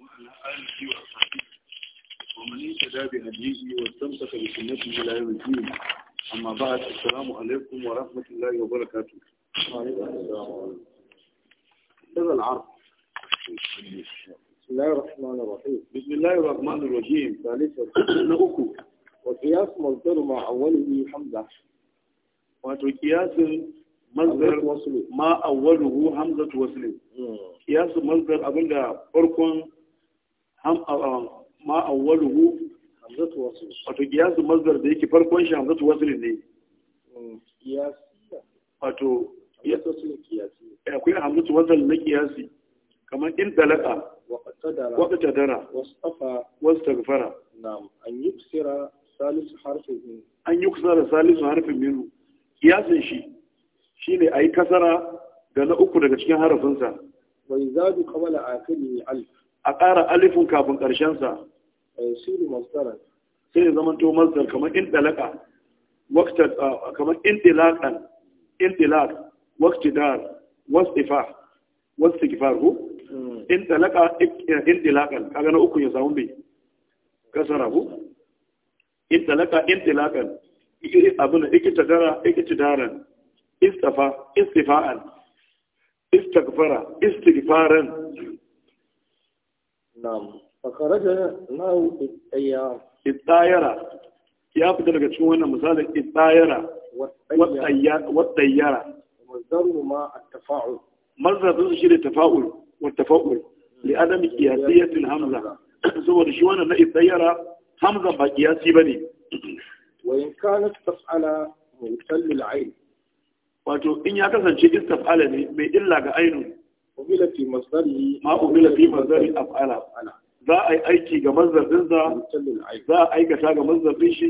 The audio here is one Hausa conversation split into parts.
وعلى آله وصحبه ومن اهتدى بهديه واستمسك بسنته إلى يوم الدين أما بعد السلام عليكم ورحمة الله وبركاته هذا العرض بسم الله الرحمن الرحيم بسم الله الرحمن الرحيم ثالثا نأكو وقياس مصدر مع أوله حمزة وقياس manzar ma awwaluhu hamzatu wasl kiyasu manzar abinda farkon am ma awwaluhu hamzatu wasl wato qiyasu masdar da yake farkon shi hamzatu wasl ne qiyas mm, wato akwai hamzatu wasl na qiyasi kamar in dalaka wa qadara wastafa wastaghfara na'am an yuksira salisu harfin min an yuksira salisu harfin min qiyasin shi shine ayi kasara da na uku daga cikin harafinsa wa izadu qabla akali alf a ƙara alifin kafin ƙarshensa eh, siru sai ya zama to masdar kamar in ɗalaka ah, kamar in dilaqan in dilaq wasifa ko hmm. in ɗalaka in dilaqan kaga na uku ya samu bai kasara ko in ɗalaka in iri abin da ikita daren istafa istifa'an istagfara istigfaran na'am fakaraja ittayara ya fita daga cikin wannan misalin ittayara wattayyara mazdaru ma a tafaul mazdaru shi ne tafa'ul li adam hamza saboda shi wannan na ittayara hamza ba qiyasi bane wa in kanat taf'ala mutal ayn wato in ya kasance istaf'ala ne mai illa ga ainun ubila fi masdari ma ubila fi masdari af'ala za a yi aiki ga mazdarin za, za a aikata ga mazdarin shi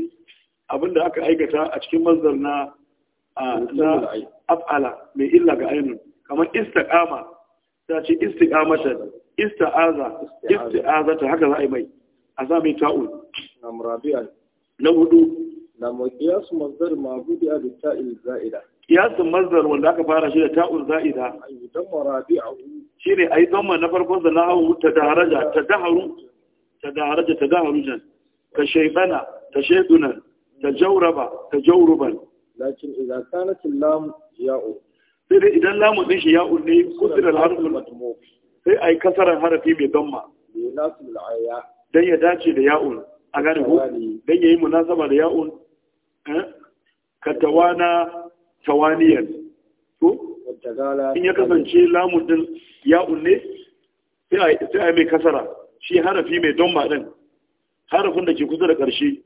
abinda aka aikata a cikin mazdar na na af'ala mai illa ga ainihin. kamar istiqama ta ce istiqamata ista'aza isti'azata haka za a yi mai a sa mai ta'ul na hudu na maqiyasu masdar ma'budi bi ta'il za'ida kiyasin mazdar wanda aka fara shi da ta'un za'ida shi ne a yi zama na farkon da na'ahu ta daraja, ta daharu ta daraja, ta daharu jan ta shaibana ta shaidunan ta jauraba ta jauruban lakin idan kanatin lamu ya'u sai dai idan lamu din shi ya'u ne kusurar harfin sai a yi kasarar harafi mai zama don ya dace da ya'un a gane ku don ya yi munasaba da ya'un eh? ka tawana tawaniyar to in ya kasance lamun din ya unne sai a mai kasara shi harafi mai don ma din harafin da ke kusa da ƙarshe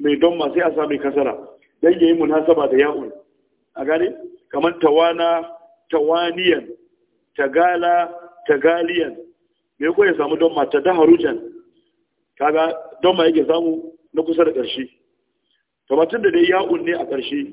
mai don ma sai a sa mai kasara don yayi munasaba da ya'un a gane kamar tawana tawaniyan tagala tagaliyan me ko ya samu don ma ta daharujan kaga don ma yake samu na kusa da ƙarshe kamar tun da dai ya'un ne a ƙarshe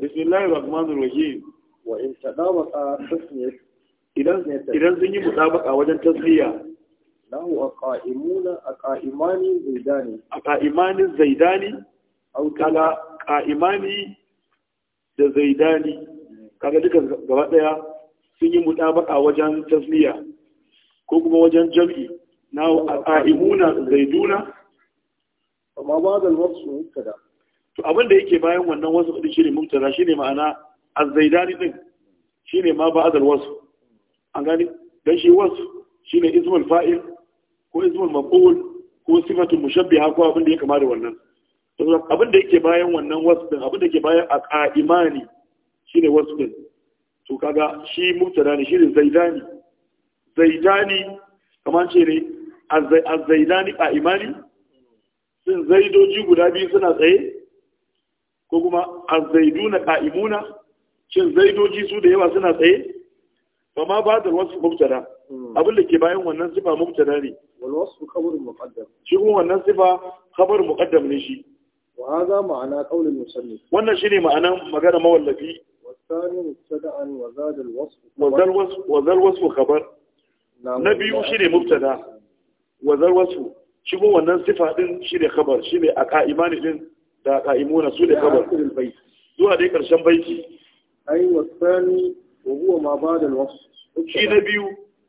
bismillahir rahmanir rahim wa in idan sun yi mutabaka wajen tasmiya lahu aqaimuna aqaimani da zaidani kaga gaba ɗaya sun yi a wajen tasmiya ko kuma wajen jam'i na aqaimuna zaiduna amma ba to abin da yake bayan wannan wasu ɗin shine shi ne ma'ana azzaidani din ne ma ba wasu an gani don shi wasu shi ne izmul fa'il ko izmul maf'ul ko sifatun mushabbi ko abin da ya kama da wannan abin da yake bayan wannan wasu din abin da yake bayan a shi ne wasu din to kaga shi mubtada ne shi ne zaidani zaidani kamar ce ne azzaidani ƙa'imani? sun zaidoji guda biyu suna tsaye ko kuma azzaiduna qa'imuna shin zaidoji su da yawa suna tsaye ba ma ba da wasu mubtada hmm. abin da ke bayan wannan sifa mubtada ne wal wasfu khabarun muqaddam shi kuma wannan sifa khabar muqaddam ne shi wa hadha ma'ana qawl musannif wannan shine ma'anan magana mawallafi والثاني مبتدا وزاد الوصف وذا الوصف وذا الوصف shine mubtada wa zal wasf shi kuma wannan sifa din shine khabar shine a ka'imani din da qa'imuna su da kabar zuwa dai karshen baiti ai wasani wa huwa ma ba'da al-wasf shi na biyu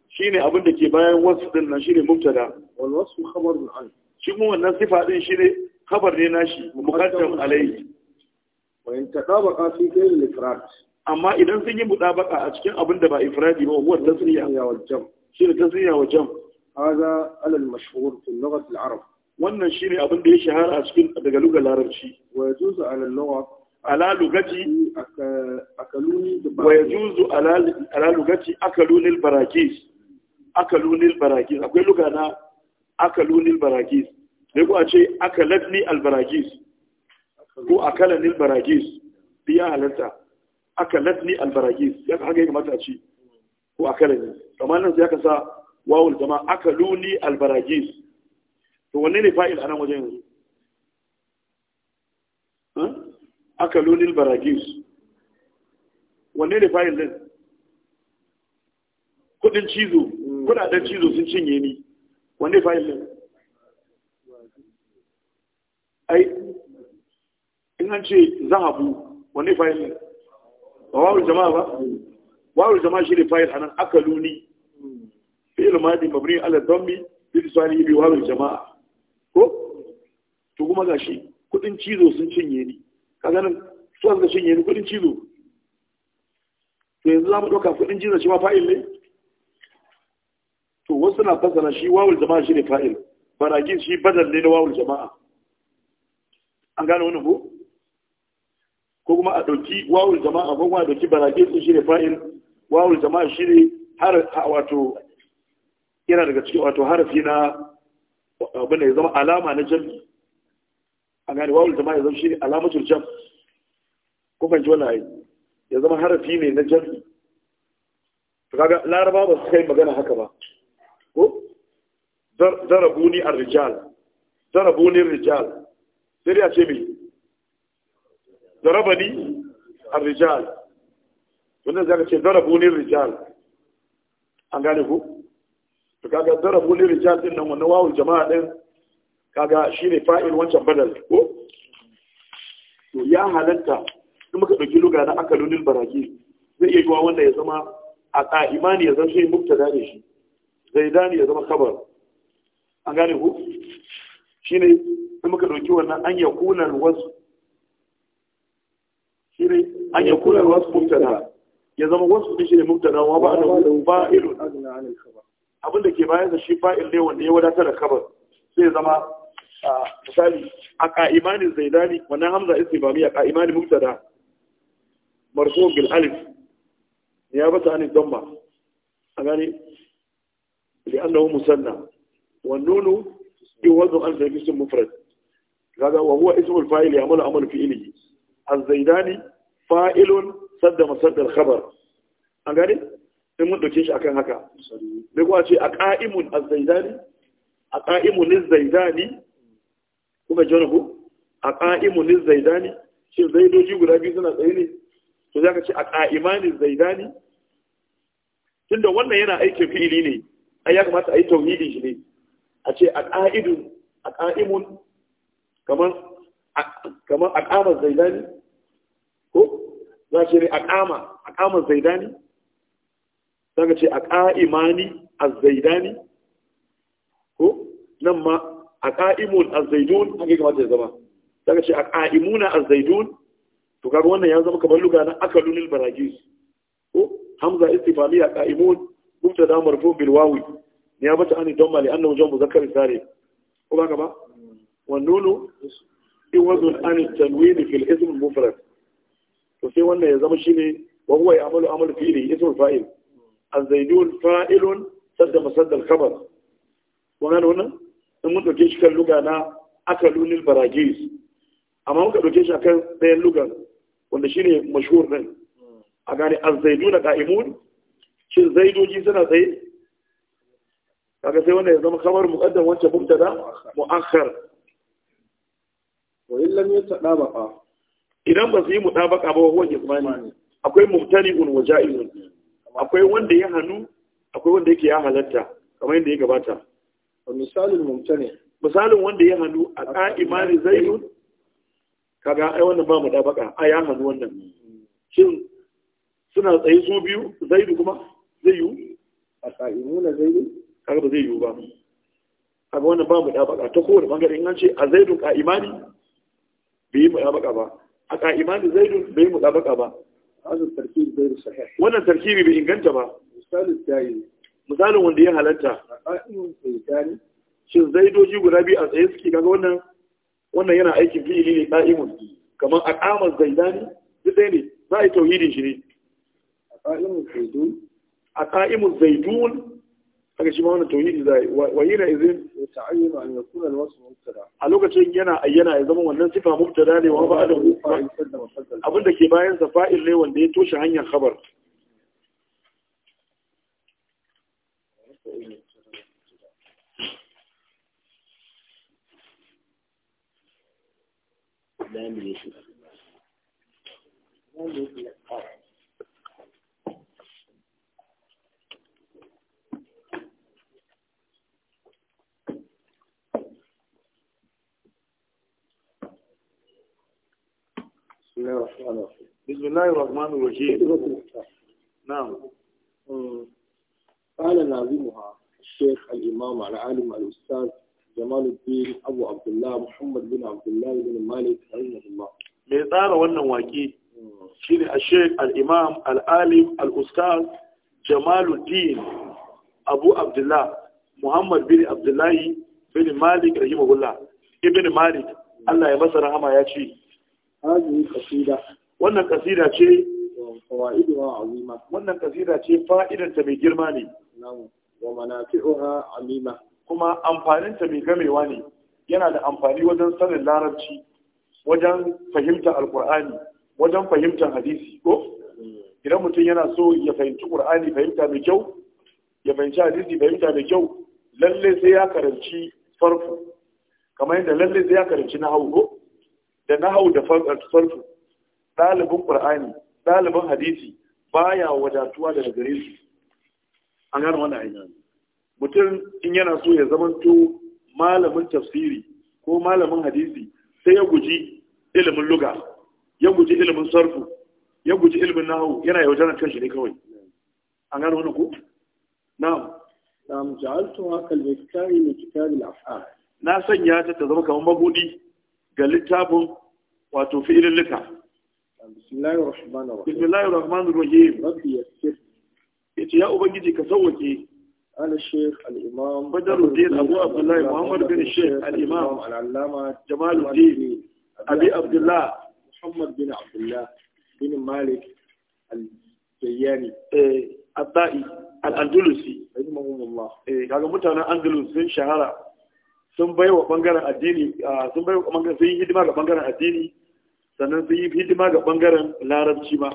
shine abin da ke bayan wasf din nan shine mubtada wal wasf khabarun an shi mu wannan sifa din shine khabar ne nashi muqaddam alayhi wa in tadabaqa fi ghayr al-ifrad amma idan sun yi mudabaka a cikin abin da ba ifradi ba huwa tasriya wal jam shine tasriya wal jam هذا على المشهور في اللغة العرب wannan shi ne abin da ya shahara a cikin daga lugar larabci wa ya juzu alallawa ala lugaci wa ya juzu ala lugaci akalunil barakis akalunil barakis akwai luga na akalunil barakis sai ku a ce akalatni albarakis ko akalanil barakis biya halarta akalatni albarakis ya ka haka ya kamata a ce ko akalani kamar nan sai aka sa wawul zama akaluni albarakis to wanne ne fa'il anan wajen yanzu aka lunil baragis wanne ne fa'il din kudin cizo kudaden cizo sun cinye ni wanne fa'il din ai in an ce zahabu wanne fa'il din ba wawul jama'a ba wawul jama'a shi ne fa'il anan aka luni fi'il madi mabni ala dhammi bi lisani bi wawul jama'a ko to kuma gashi kudin cizo sun cinye ni ka ganin su da cinye ni kudin cizo to yanzu za mu ɗauka kudin cizo shi ma fa'il ne to wasu na fasara shi wawul jama'a shi ne fa'il barakin shi badal ne na wawul jama'a an gane wani ko ko kuma a ɗauki wawul jama'a ko kuma a ɗauki baragin shi ne fa'il wawul jama'a shi ne har wato yana daga cikin wato harafi na abin da ya zama alama na jam'i a gane wawul jama'a ya zama shi alamatul jam kuma ji wani ya zama harafi ne na jam'i to kaga laraba ba su kai magana haka ba ko darabuni a rijal darabuni rijal sai ya ce me darabani a rijal wannan zaka ce darabuni rijal an gane ku to kaga darabu lil rijal din nan wannan wawul jama'a din kaga shine fa'il wancan badal ko to ya halatta kuma muka dauki luga na akalunil baraki zai iya yiwa wanda ya zama a qa'imani ya zama shi mubtada ne shi zaidani ya zama khabar an gane ku shine kuma muka dauki wannan an yakuna wasu. shine an yakunal alwasu mubtada ya zama wasu shine mubtada wa ba'da fa'ilun agna anil khabar abin da ke bayan da shi fa'il ne wanda ya wadatar da kabar sai zama a misali a ka'imanin zaidani wannan hamza mu a ka'imanin mubtada da marso alif ya hannun don ba a gani an dawo musanna wan nunu yuwazu an zai fisun mufrad kaga wa huwa ismul mula ya'malu amal fi'lihi A zaidani fa'ilun sadda masaddar kabar. a gani sai mun ɗauke shi akan haka sai kuma ce a ƙa'imun azzaidani a ƙa'imun zaidani kuma jona ku a ƙa'imun zaidani shi zaidoji guda biyu suna tsaye ne to za ka ce a ƙa'imanin zaidani tunda wannan yana aikin fili ne ai ya kamata a yi tauhidin shi ne a ce a ƙa'idun a ƙa'imun kamar kamar a ƙamar zaidani ko za ce ne a ƙama a ƙamar zaidani zaka ce a ƙa'imani a zaidani ko nan ma a ƙa'imun a zaidun haka gaggama ya zama zaka ce a ƙa'imuna a zaidun to kaga wannan ya zama kamar Lugana, aka lunin baragis ko hamza a ƙa'imun mubtada marfu bil wawi bata an don mali annan wajen zakar sare ko ba ba in nunu iwadun an da fil ismin mufrad to sai wannan ya zama shine wa huwa ya amalu fi'li ismin fa'il الزيدون فائل سد مسد الخبر وغان هنا mun ɗauke shi kan luga na akalunil baragis amma muka ɗauke shi akan ɗayan lugan wanda shine mashhur din a gane azzaidu na qa'imun shin zaidoji suna tsaye kaga sai wanda ya zama kamar muqaddam wancan mubtada mu'akhkhar wa in lam yatadabaqa idan ba su yi mudabaqa ba huwa ismani akwai mubtani'un wa ja'izun akwai wanda ya hannu akwai wanda yake ya halatta kamar yadda ya gabata misalin ne misalin wanda ya hannu a ka'imani zaidun kaga ai wannan ba mu dabaka a ya hannu wannan shin suna tsaye su biyu zaidu kuma zai yiwu a ka'imuna zaidu kaga ba zai yiwu ba kaga wannan ba mu dabaka ta kowane bangare in an ce a zaidun ka'imani bai yi mu dabaka ba a ka'imani zaidun bai yi mu dabaka ba wannan tarkibi bai inganta ba misalin wanda ya halatta shin zaidoji guda biyu a tsaye suke kaga wannan wannan yana aikin fi'ili ne qa'imun kamar a aqama zaidani duk dai ne za a yi tauhidin shi ne aqaimu zaidun aqaimu zaidun haka shi ma wannan tauhidi wa izin an yakun mubtada a lokacin yana ayyana ya zama wannan sifa mubtada ne wa ba'da hu abin da ke bayan sa fa'il ne wanda ya toshe hanyar khabar Thank you. بسم الله الرحمن الرحيم نعم قال ناظمها الشيخ العالم جمال الدين عبد الله محمد بن عبد الله بن مالك رحمه الله mai tsara wannan waƙi shine Sheikh al al'imam, al-Alim al Jamaluddin Abu Abdullah Muhammad bin Abdullahi bin Malik rahimahullah Ibn Malik Allah ya masa rahama ya ce wannan kasida ce wannan kasida ce fa'idanta mai girma ne wa manafi'uha amima kuma amfaninta mai gamewa ne yana da amfani wajen sanin larabci wajen fahimtar alkur'ani wajen fahimtar hadisi ko hmm. idan mutum yana so ya fahimci qur'ani fahimta mai kyau ya fahimci hadisi fahimta mai kyau lalle sai ya karanci farko kamar yadda lalle sai ya karanci na hau ko da nahau da farfu ɗalibin ƙur'ani ɗalibin hadisi baya wadatuwa daga gare su an gane wannan ainihin mutum in yana so ya to malamin tafsiri ko malamin hadisi sai ya guji ilimin luga ya guji ilimin sarfu ya guji ilimin nahu yana yaudarar shi ne kawai an gane wannan ko na'am na'am ja'altu haka al-iktari min kitab al-af'al na sanya ta ta zama kamar mabudi قال لي تابو fi'ilin لك بسم الله الرحمن الرحيم بسم الله الرحمن الرحيم yace ya ubangiji ka sauwake قال الشيخ الإمام بدر الدين أبو عبد الله محمد بن الشيخ الإمام العلامة جمال الدين أبي عبد الله محمد بن عبد الله بن مالك الجياني الطائي الأندلسي رحمه الله قالوا متى أندلس شهرة sun bai wa bangaren addini sun bai wa bangaren sun yi hidima ga bangaren addini sannan sun yi hidima ga bangaren larabci ma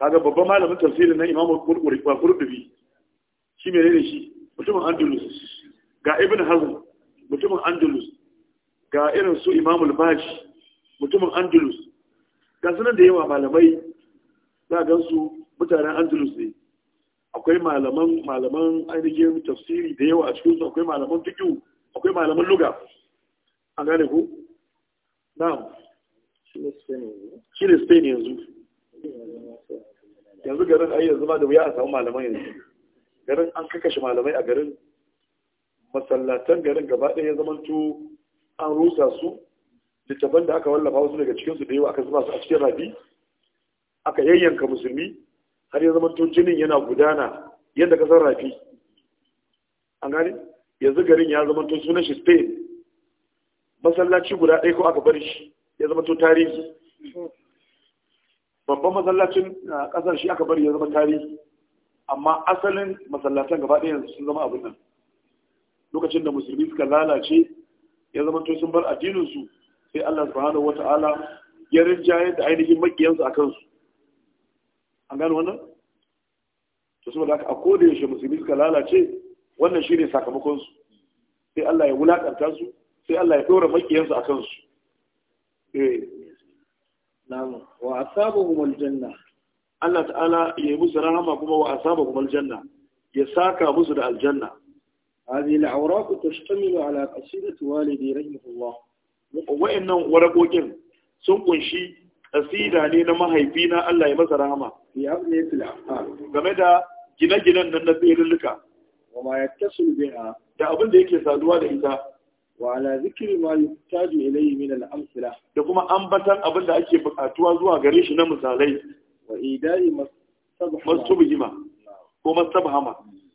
kaga babban malamin tafsirin nan imamu kurdubi shi mai ne shi mutumin andalus ga ibn hazm mutumin andalus ga irin su imamul bashi mutumin andalus ga sunan da yawa malamai za gan su mutanen andalus ne akwai malaman malaman ainihin tafsiri da yawa a cikin su akwai malaman fiqh akwai malaman luga A gane ku na'am shi ne spain yanzu yanzu garin ayi yanzu ma da wuya a samu malaman yanzu garin an kakashe malamai a garin masallatan garin gaba ɗaya ya zamanto an rusa su littafan da aka wallafa wasu daga cikinsu da yawa aka zuba su a cikin rabi aka yayyanka musulmi har ya zamanto jinin yana gudana yadda kasar rafi an gane yanzu garin ya zama to sunan shi spain masallaci guda ɗaya ko aka bar shi ya zama to tarihi babban masallacin ƙasar shi aka bari ya zama tarihi amma asalin masallatan gaba ɗaya sun zama abin nan lokacin da musulmi suka lalace ya zama to sun bar addininsu sai Allah subhanahu wata'ala ya rinjaye da ainihin makiyansu a kansu an gano wannan to saboda haka a kodayaushe musulmi suka lalace wannan shi ne sakamakonsu sai Allah ya wulaƙanta su sai Allah ya ɗora makiyansu a kansu eh. namu wa asabahum janna. Allah ta'ala ya yi musu rahama kuma wa asabahum janna. ya saka musu da aljanna هذه الأوراق تشتمل على قصيدة والدي رحمه الله wa'annan warakokin sun kunshi kasida ne na mahaifina Allah ya masa rahama game da gina-ginan nan na tsirrulluka وما يتصل بها biha da abin da yake saduwa da ita wa ala zikri ma yuhtaju ilayhi min al-amsila da kuma ambatan abin da ake bukatuwa zuwa gare shi na misalai wa idai mastabhama ko mastabhama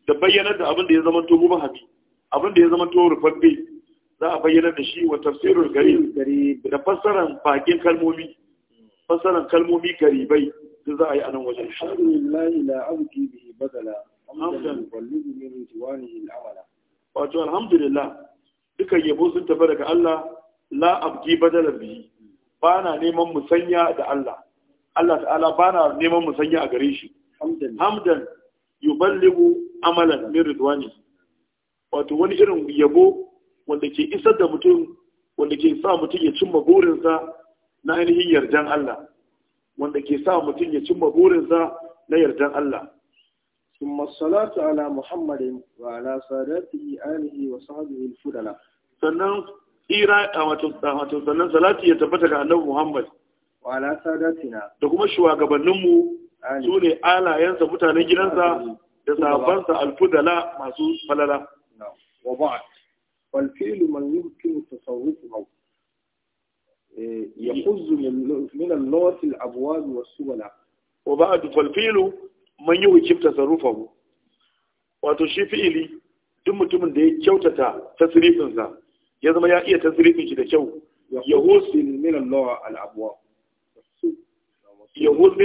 da bayyanar da abin da ya zama to mubahami abin da ya zama to rufaffe za a bayyana da shi wa tafsirul gari da fassaran bakin kalmomi fassaran kalmomi garibai da za a yi a nan wajen shi. la abki bihi badala wato alhamdulillah duka yabo sun tafi daga Allah la abdi badala bi ba na neman musanya da Allah Allah ta'ala ba na neman musanya a gare shi hamdan yuballigu amalan min ridwani wato wani irin yabo wanda ke isar da mutum wanda ke sa mutum ya cimma burinsa na ainihin yardan Allah wanda ke sa mutum ya cimma burinsa na yardan Allah ثم الصلاة على محمد وعلى صلاته آله وصحبه الفضلاء sannan tsira a wato sannan salati ya tabbata ga annabi Muhammad da kuma shugabanninmu su ne alayensa mutanen gidansa da sabansa alfudala masu falala wa ba'd wal fi'lu man yi wikifta mu. wato shi fi'ili duk mutumin da ya kyautata tasirifinsa ya zama ya iya tasirifin shi da kyau ya hosin minan lawa al'abuwa ya hos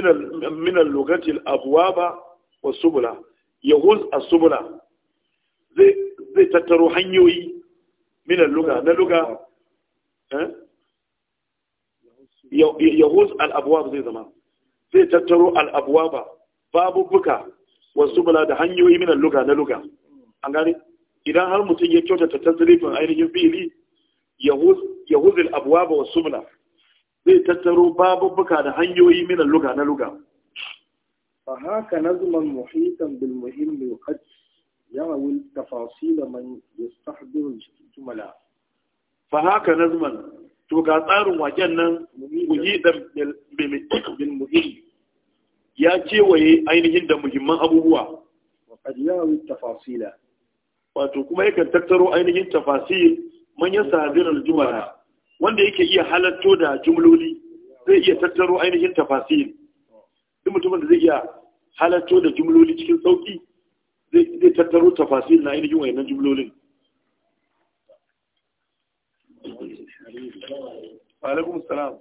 minan lokacin al'abuwa ba wa subula ya hos a subula zai tattaro hanyoyi minan al-luga na luga eh? ya hos al'abuwa zai zama zai tattaro al'abuwa ba babubuka wasu bula da hanyoyi minan luga na luga an gane idan har mutum ya kyautata tasirifin ainihin fili ya yahuzil abuwa ba wasu bula zai tattaro babubuka da hanyoyi minan luga na luga fa haka nazman muhitan bil muhimmi qad yawi tafasil man yastahdiru jumla fa haka nazman to ga tsarin waken nan muhitan bil muhimmi ya kewaye ainihin da muhimman abubuwa wato kuma yakan tattaro ainihin tafasil manyan sahabirar jumara wanda yake iya halatto da jumloli zai iya tattaro ainihin tafasil duk mutumin da zai iya halatto da jumloli cikin sauki zai tattaro tafasil na ainihin wayannan jumlolin alaikum salam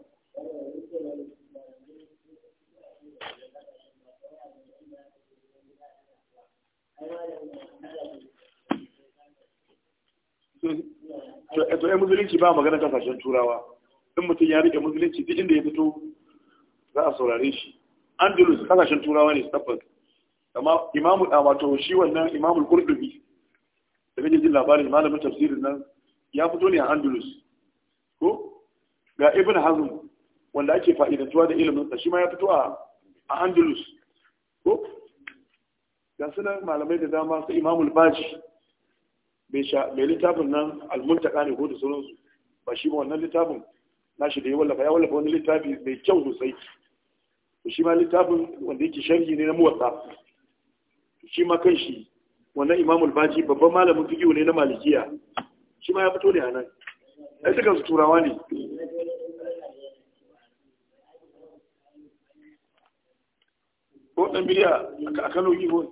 to ai eh, eh, musulunci ba magana kasashen turawa in mutum ya rike musulunci duk inda ya fito za a saurare shi andalus kasashen turawa ne tabbas amma imamu a ah, wato shi wannan imamul kurdubi da kake jin labarin malamin tafsirin nan ya fito ne a andalus ko ga ibn hazm wanda ake fa'idantuwa da ilimin sa shi ma ya fito a andalus ko ga suna malamai da dama su imamul baji mai littafin nan almuntaka ne ko da sauransu ba shi ba wannan littafin nashi da ya wallafa ya wallafa wani littafi mai kyau sosai shi ma littafin wanda yake sharhi ne na muwatta shi ma kan shi wannan imamul baji babban malamin fiqh ne na malikiya shi ma ya fito ne a nan ai duka su turawa ne ko dan biya a Kano ko.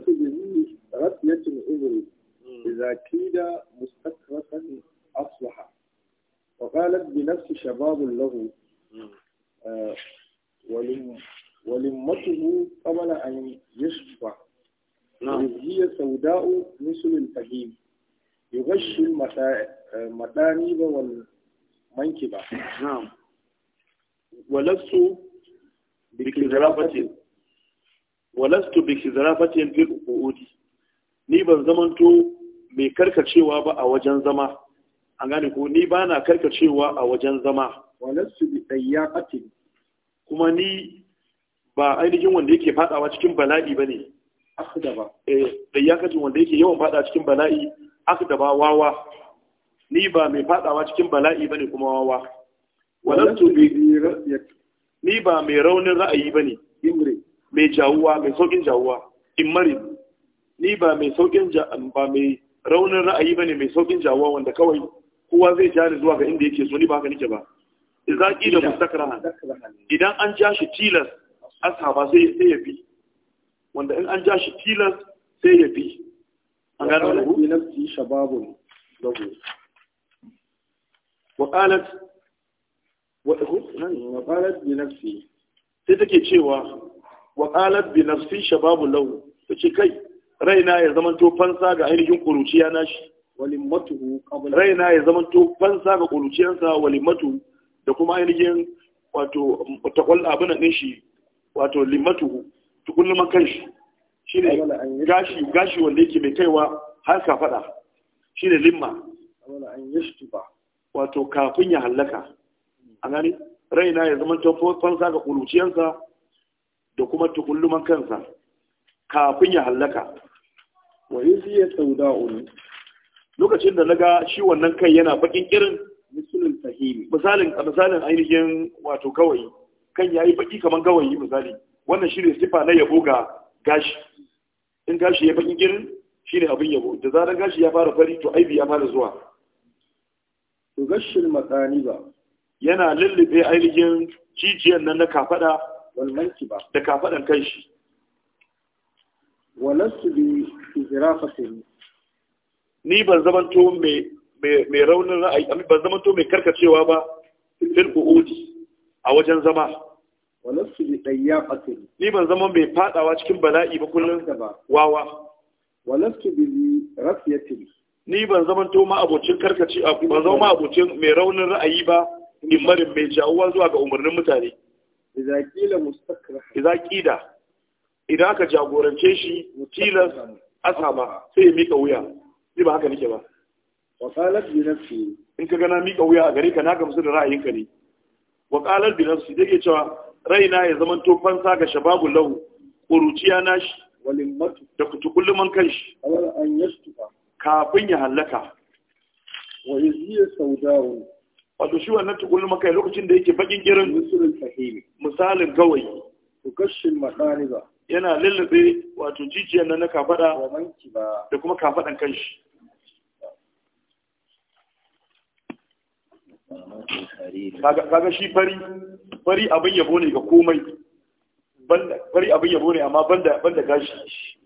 hujjatun izri idza kida mustakratan aslaha wa qalat bi nafsi shababun lahu ولمته قبل أن يشفع نعم هي سوداء مثل الفهيم يغش المتانيب والمنكبة نعم ولست بكذرافة ولست بكذرافة في القعود ni ban zamanto mai karkacewa ba a wajen zama an gane ko ni ba na karkacewa a wajen zama walassu bi tsayyaqati kuma ni ba ainihin wanda yake fadawa cikin bala'i bane akdaba eh tsayyaqati wanda yake yawan fada cikin bala'i akdaba wawa ni ba mai fadawa cikin bala'i bane kuma wawa walassu bi ni ba mai raunin ra'ayi bane imri mai jawuwa mai saukin jawuwa imari ni ba mai saukin ba mai raunin ra'ayi bane mai saukin jawo wanda kawai kowa zai ja ni zuwa ga inda yake so ni ba haka nake ba idza da mustakrahan idan an ja shi tilas ashaba sai sai ya bi wanda in an ja shi tilas sai ya bi an gano ne ku nafsi shababun lahu wa qalat wa wa qalat bi nafsi sai take cewa wa qalat bi nafsi shababun lahu tace kai raina ya to fansa ga ainihin kuruciya nashi walimatuhu qabla raina ya to fansa ga kuruciyansa walimatu da kuma ainihin wato takwal abin din shi wato limatu tukunna man kanshi shine gashi gashi wanda yake mai kaiwa har ka fada shine limma wala an wato kafin ya hallaka a gani raina ya to fansa ga kuruciyansa da kuma man kansa kafin ya hallaka wa isiya sauda'un lokacin da naga shi wannan kai yana bakin irin misalin tahimi misalin misalin ainihin wato gawayi kan yayi baki kaman gawayi misali wannan shi ne sifa na yabo ga gashi in gashi ya bakin irin shi ne abin yabo da zaran gashi ya fara fari to aibi ya fara zuwa to gashin matsani ba yana lullube ainihin jijiyan nan na kafada wal mankiba da kafadan kanshi walastu bi izrafatin ni ban zamanto mai me raunin ra'ayi ban zamanto me karkacewa ba fil qudi a wajen zama walastu bi dayyaqatin ni ban zama mai fadawa cikin bala'i ba kullun wawa walastu bi rafiyatin ni ban zamanto ma abocin karkaci ban zama ma abocin mai raunin ra'ayi ba in marin mai jawuwa zuwa ga umarnin mutane idza qila mustaqra idza qida idan aka jagorance shi tilas asaba sai ya mika wuya sai ba haka nike ba wa qalat bi nafsi in ka gana mika wuya a gare ka na gamsu da ra'ayinka ne wa qalat bi nafsi dake cewa raina ya zama to fansa ga shababu lau, kuruciya nashi shi da kutukullu man kan shi kafin ya halaka wa yaziya saudawu wato shi wannan tukullu man kai lokacin da yake bakin girin misalin gawayi tukashin madaniba yana lullube wato jijiyar nan na kafada da kuma kafadan kanshi kaga shi fari fari abin yabo ne ga komai fari abin yabo ne amma banda banda gashi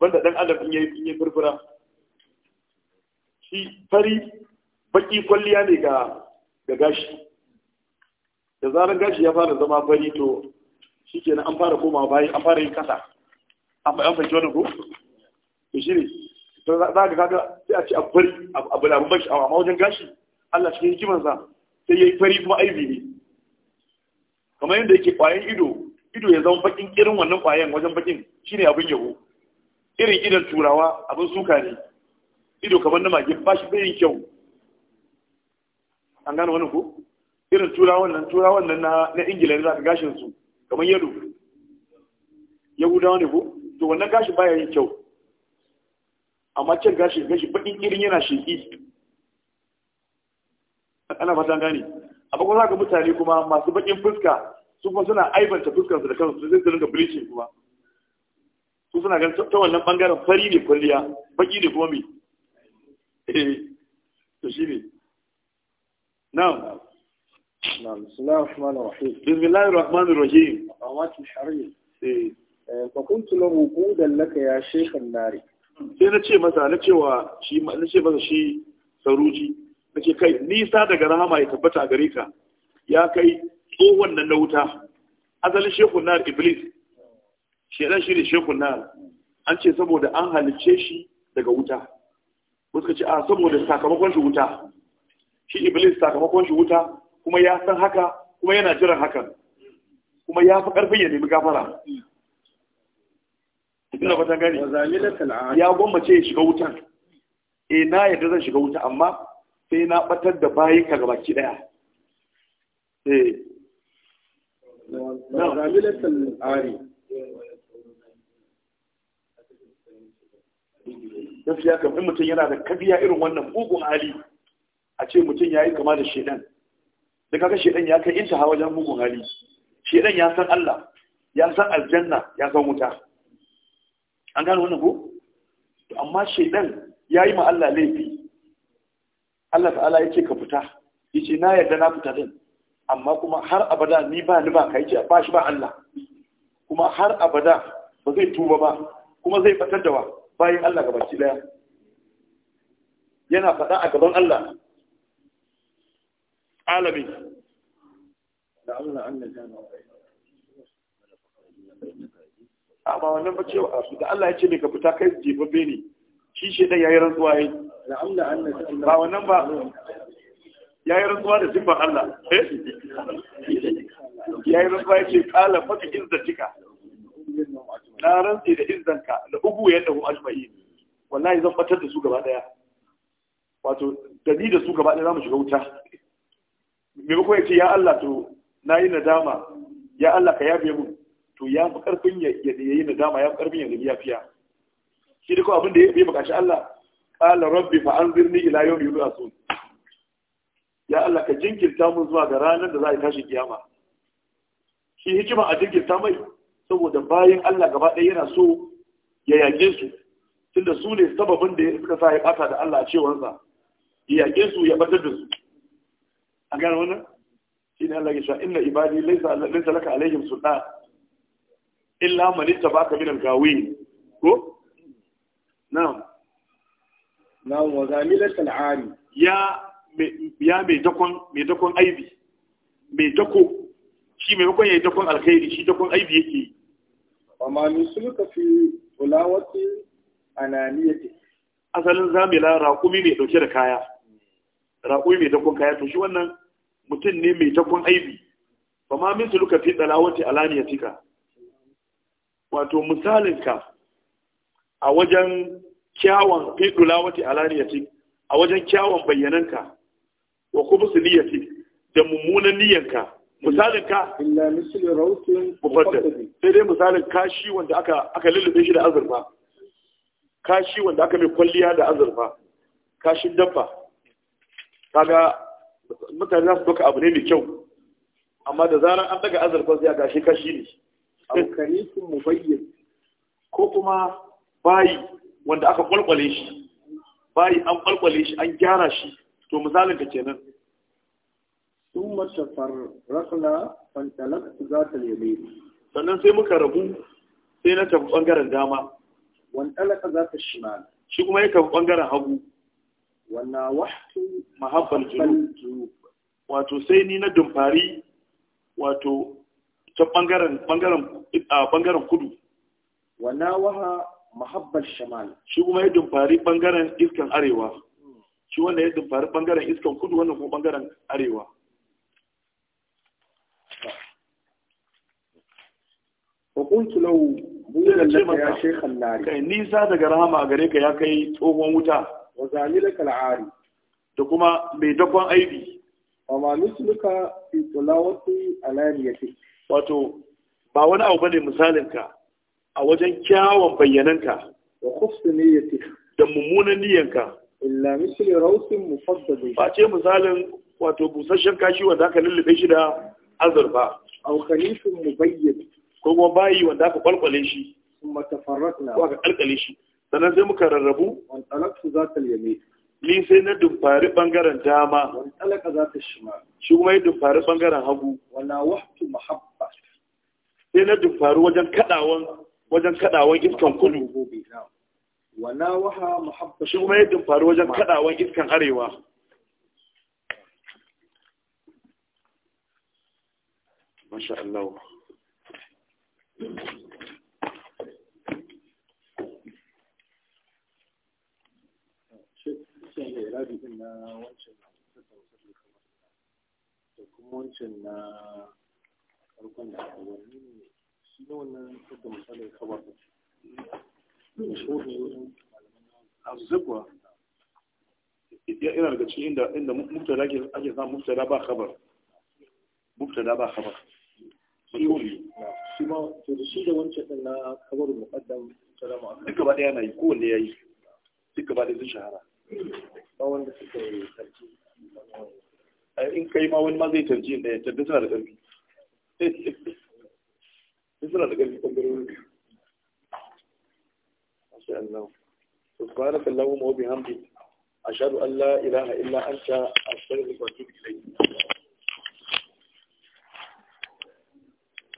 banda dan adam in yayi in furfura shi fari baki kwalliya ne ga ga gashi da zarar gashi ya fara zama fari to shi kenan an fara koma bayan an fara yin kasa an fahimci wani ko to shi ne za ka kaga sai a ce a bari a da bashi amma wajen gashi Allah cikin hikimarsa sai ya yi fari kuma aibi ne kamar yadda yake kwayan ido ido ya zama bakin irin wannan kwayan wajen bakin shine abin yabo irin idan turawa abin suka ne ido kamar na mage ba shi bayin kyau an gano wani ko irin turawan nan turawan nan na ingila ne za ka gashin su kamar Ya guda wani ko to wannan gashi baya yin kyau amma can gashi gashi baɗin irin yana sheƙi ana fatan gane a bakwai za mutane kuma masu baƙin fuska su kuma suna aibanta fuskansu da kansu sai su rinka bleaching kuma su suna ganin ta wannan bangaren fari ne kwalliya baƙi ne kuma me eh to shi ne na'am بسم الله الرحمن الرحيم بسم الله فقلت له لك يا شيخ sai na masa na na ce shi saruji kai nisa daga rahama ya tabbata a gare ka ya kai tsohon nan na wuta asalin shekun nar iblis shedan shi ne shekun nar an ce saboda an halicce shi daga wuta wasu ka ce a saboda sakamakon shi wuta shi iblis sakamakon shi wuta kuma ya san haka kuma yana jiran hakan kuma ya fi ƙarfin ya nemi gafara ina ta gani ya gwammace ya shiga wutan eh na yadda zan shiga wuta amma sai na batar da bayi ka gabaki daya eh na ari gaskiya kamar mutum yana da kabiya irin wannan bugun hali a ce mutum ya yi kama da shedan da kaga shedan ya kai intaha wajen mugun hali shedan ya san Allah ya san aljanna ya san wuta an gano wannan ko to amma shedan yayi ma Allah laifi Allah ta'ala yace ka fita yace na yarda na fita din amma kuma har abada ni ba ni ba kai ce ba shi ba Allah kuma har abada ba zai tuba ba kuma zai fatar da wa bayan Allah gabaki daya yana faɗa a gaban Allah alami a ba wannan ba cewa da Allah ya ce ne ka fita kai jefaffe ne shi shi dan yayi rantsuwa yi ba wannan ba yayi rantsuwa da zimbin Allah eh yayi rantsuwa kala fata fatu cika na rantsi da izzanka da ugu ya dahu ajma'in wallahi zan fatar da su gaba ɗaya? wato da ni da su gaba ɗaya za mu shiga wuta maimako ya ce ya Allah to na yi nadama ya Allah ka yafe mun to ya fi karfin ya yi nadama ya fi karfin ya gani yafiya shi da kawai abinda ya bukaci Allah qala rabbi fa anzirni ila yawmi yub'athun ya Allah ka jinkirta mun zuwa ga ranar da za a tashi kiyama shi hikima a jinkirta mai saboda bayan Allah gaba ɗaya yana so ya yage su tunda su ne sababin da suka sa ya ɓata da Allah a cewarsa ya yage su ya ɓatar da su an gane wannan shi ne Allah ya sha inna ibadi laysa laka alaihim sultan illa man ittaba'aka min al gawi ko na'am na'am wa zamilat al-ari ya ya mai dakon mai dakon aibi mai dako shi mai dakon yayi dakon alkhairi shi dakon aibi yake yi ni nusuluka fi ulawati ananiyati asalin zamila raƙumi ne dauke da kaya raƙumi mai dakon kaya to shi wannan mutum ne mai takon aibi ba ma min suluka fi tsalawati alaniyatika wato misalinka a wajen kyawun fi tsalawati alaniyatik a wajen kyawun bayyananka wa kuma su niyyati da mummunan niyyanka misalinka illa misli rawtin mufaddal sai dai misalin kashi wanda aka aka lullube shi da azurfa kashi wanda aka mai kwalliya da azurfa kashin dabba kaga mutane za su doka abu ne mai kyau amma da zarar an daga azurfar zai a gashi kashi ne abokane su mu bayyana. ko kuma bayi wanda aka kwalkwale shi bayi an kwalkwale shi an gyara shi to misalin ka kenan sun mata farrakla su za ta lebe sannan sai muka rabu sai na tafi bangaren dama ɗalaka za ta shi kuma ya tafi bangaren hagu wannan wahtu mahabbar julub wato sai ni na dumfari wato ta bangaren bangaren a bangaren kudu wannan waha mahabbar shamal shi kuma ya dumfari bangaren iskan arewa shi wanda ya dumfari bangaren iskan kudu wannan kuma bangaren arewa وقلت له بولا لك ya shekhan النار كاي نيسا daga rahama gare ka ya kai tsohon wuta wa zalilaka al'ari da kuma mai dakon aibi wa ma misluka fi tilawati alaniyati wato ba wani abu bane ka a wajen kyawun ka wa khusni niyyati da mummunan ka illa misli rawsin mufaddal ba ce misalin wato busasshen kashi wanda aka lullube shi da azurfa aw khalifun mubayyin ko kuma bayi wanda aka kwalkwale shi kuma tafarratna ko aka kalkale shi sannan sai muka rarrabu wani za ta yame ni sai na dumfari bangaren dama wani za ta shima shi kuma ya dumfari bangaren hagu wala wahtu mahabba sai na dumfari wajen kadawan wajen kadawan iskan kudu wala waha mahabba shi kuma ya dumfari wajen kadawan iskan arewa masha Allah iradi din na wancan da kuma wancan na farkon da wani ne shi ne wannan tattar misalin kabar da ne ya ina daga cikin inda inda mubtada ake ake samu mubtada ba kabar mubtada ba khabar shi ma to shi da wancan din na khabar muqaddam salamu alaikum duka ba daya nayi kowanne yayi duka ba daya sun shahara ba wanda suka yi tarji in kai ma wani ma zai tarji da ya tarji suna da ƙarfi suna da ƙarfi ɓangarorin Allah سبحانك اللهم وبحمدك an أن لا إله إلا